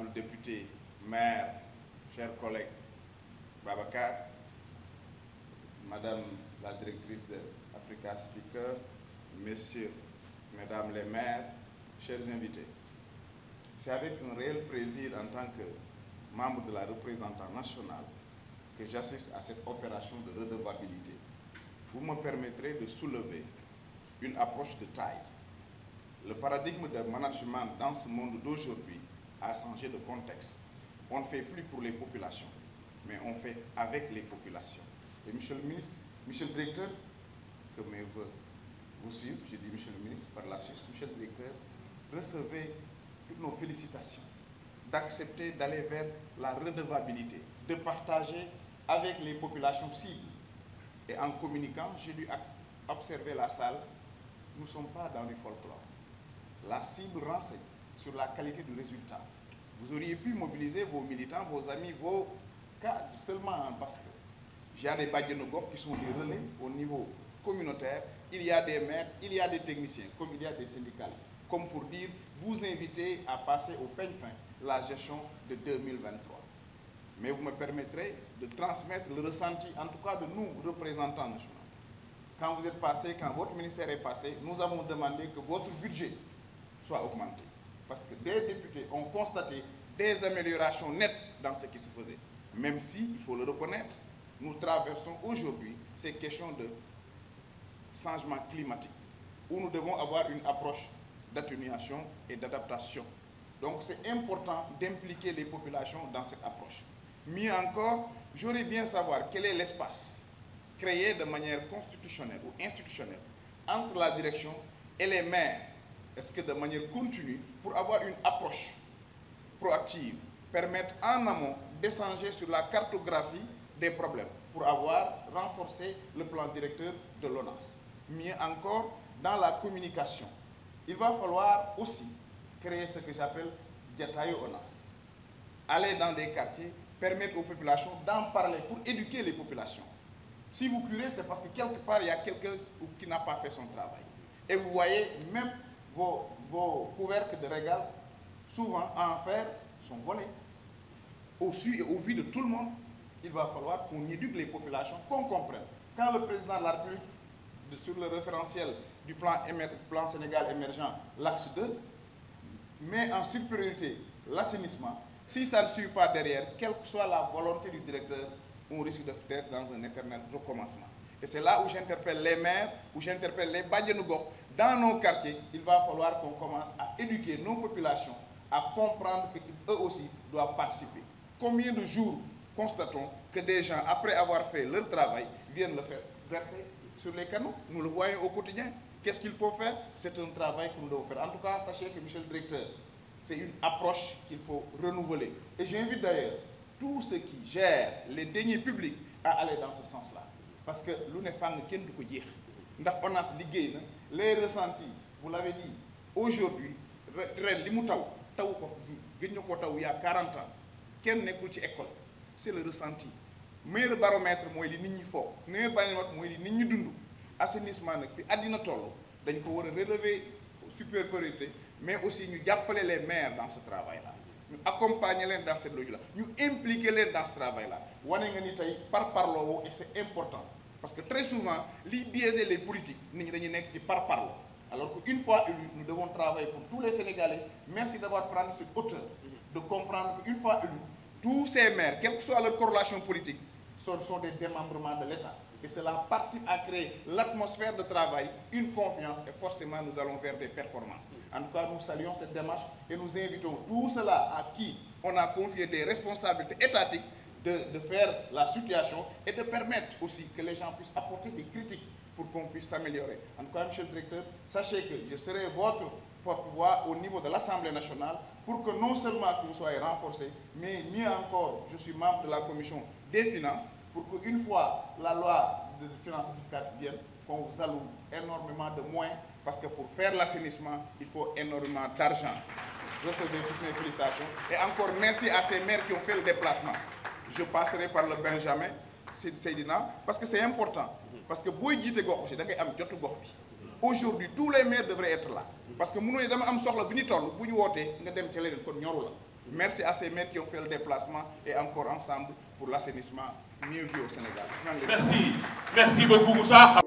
honorable député, maire, chers collègues Babacar, Madame la directrice de Africa Speaker, Messieurs, Mesdames les maires, chers invités. C'est avec un réel plaisir en tant que membre de la représentante nationale que j'assiste à cette opération de redevabilité. Vous me permettrez de soulever une approche de taille. Le paradigme de management dans ce monde d'aujourd'hui à changer de contexte. On ne fait plus pour les populations, mais on fait avec les populations. Et monsieur le ministre, monsieur le directeur, que mes voeux vous suivent, j'ai dit monsieur le ministre par la suite, monsieur le directeur, recevez toutes nos félicitations d'accepter d'aller vers la redevabilité, de partager avec les populations cibles. Et en communiquant, j'ai dû observer la salle, nous ne sommes pas dans le folklore. La cible renseigne sur la qualité du résultat. Vous auriez pu mobiliser vos militants, vos amis, vos cadres seulement en que Il y a des Badjenogor qui sont des relais au niveau communautaire. Il y a des maires, il y a des techniciens, comme il y a des syndicalistes. Comme pour dire, vous invitez à passer au peigne fin la gestion de 2023. Mais vous me permettrez de transmettre le ressenti, en tout cas de nous, représentants nationaux. Quand vous êtes passé, quand votre ministère est passé, nous avons demandé que votre budget soit augmenté parce que des députés ont constaté des améliorations nettes dans ce qui se faisait. Même si, il faut le reconnaître, nous traversons aujourd'hui ces questions de changement climatique, où nous devons avoir une approche d'atténuation et d'adaptation. Donc c'est important d'impliquer les populations dans cette approche. Mieux encore, j'aurais bien savoir quel est l'espace créé de manière constitutionnelle ou institutionnelle entre la direction et les maires est-ce que de manière continue, pour avoir une approche proactive, permettre en amont d'échanger sur la cartographie des problèmes pour avoir renforcé le plan directeur de l'ONAS. Mieux encore, dans la communication, il va falloir aussi créer ce que j'appelle détailler ONAS. Aller dans des quartiers, permettre aux populations d'en parler pour éduquer les populations. Si vous curez, c'est parce que quelque part, il y a quelqu'un qui n'a pas fait son travail. Et vous voyez, même vos, couvercles de régal, souvent en fer, sont volés. Au su et au vu de tout le monde, il va falloir qu'on éduque les populations, qu'on comprenne. Quand le président de la République, sur le référentiel du plan, plan Sénégal émergent, l'axe 2, met en supériorité l'assainissement, si ça ne suit pas derrière, quelle que soit la volonté du directeur, on risque d'être dans un éternel recommencement. Et c'est là où j'interpelle les maires, où j'interpelle les Badianougok. Dans nos quartiers, il va falloir qu'on commence à éduquer nos populations, à comprendre qu'eux aussi doivent participer. Combien de jours constatons que des gens, après avoir fait leur travail, viennent le faire verser sur les canaux Nous le voyons au quotidien. Qu'est-ce qu'il faut faire C'est un travail que nous devons faire. En tout cas, sachez que, monsieur le directeur, c'est une approche qu'il faut renouveler. Et j'invite d'ailleurs tous ceux qui gèrent les deniers publics à aller dans ce sens-là parce que l'une ne pas de du ndax les ressentis vous l'avez dit aujourd'hui 40 ans école c'est le ressenti meilleur baromètre li est meilleur baromètre moi assainissement relever super priorité mais aussi nous appeler les maires dans ce travail là accompagner dans cette logique là Nous impliquer les dans ce travail là par et c'est important parce que très souvent, les biaiser les politiques, nous sommes par parle. Alors qu'une fois élus, nous devons travailler pour tous les Sénégalais. Merci d'avoir pris cette hauteur, de comprendre qu'une fois élus, tous ces maires, quelle que soit leur corrélation politique, ce sont des démembrements de l'État. Et cela participe à créer l'atmosphère de travail, une confiance, et forcément nous allons vers des performances. En tout cas, nous saluons cette démarche et nous invitons tous cela à qui on a confié des responsabilités étatiques de, faire la situation et de permettre aussi que les gens puissent apporter des critiques pour qu'on puisse s'améliorer. En tout cas, Monsieur le Directeur, sachez que je serai votre porte-voix au niveau de l'Assemblée nationale pour que non seulement vous soyez renforcé, mais mieux encore, je suis membre de la commission des finances pour qu'une fois la loi de finances rectificative vienne, qu'on vous alloue énormément de moins parce que pour faire l'assainissement, il faut énormément d'argent. Je vous toutes mes félicitations et encore merci à ces maires qui ont fait le déplacement je passerai par le Benjamin Seydina parce que c'est important parce que si da ngay am aujourd'hui tous les maires devraient être là parce que nous, ne dama am soxla bi ñu toll bu ñu nga dem kon merci à ces maires qui ont fait le déplacement et encore ensemble pour l'assainissement mieux vu au Sénégal merci merci beaucoup Moussa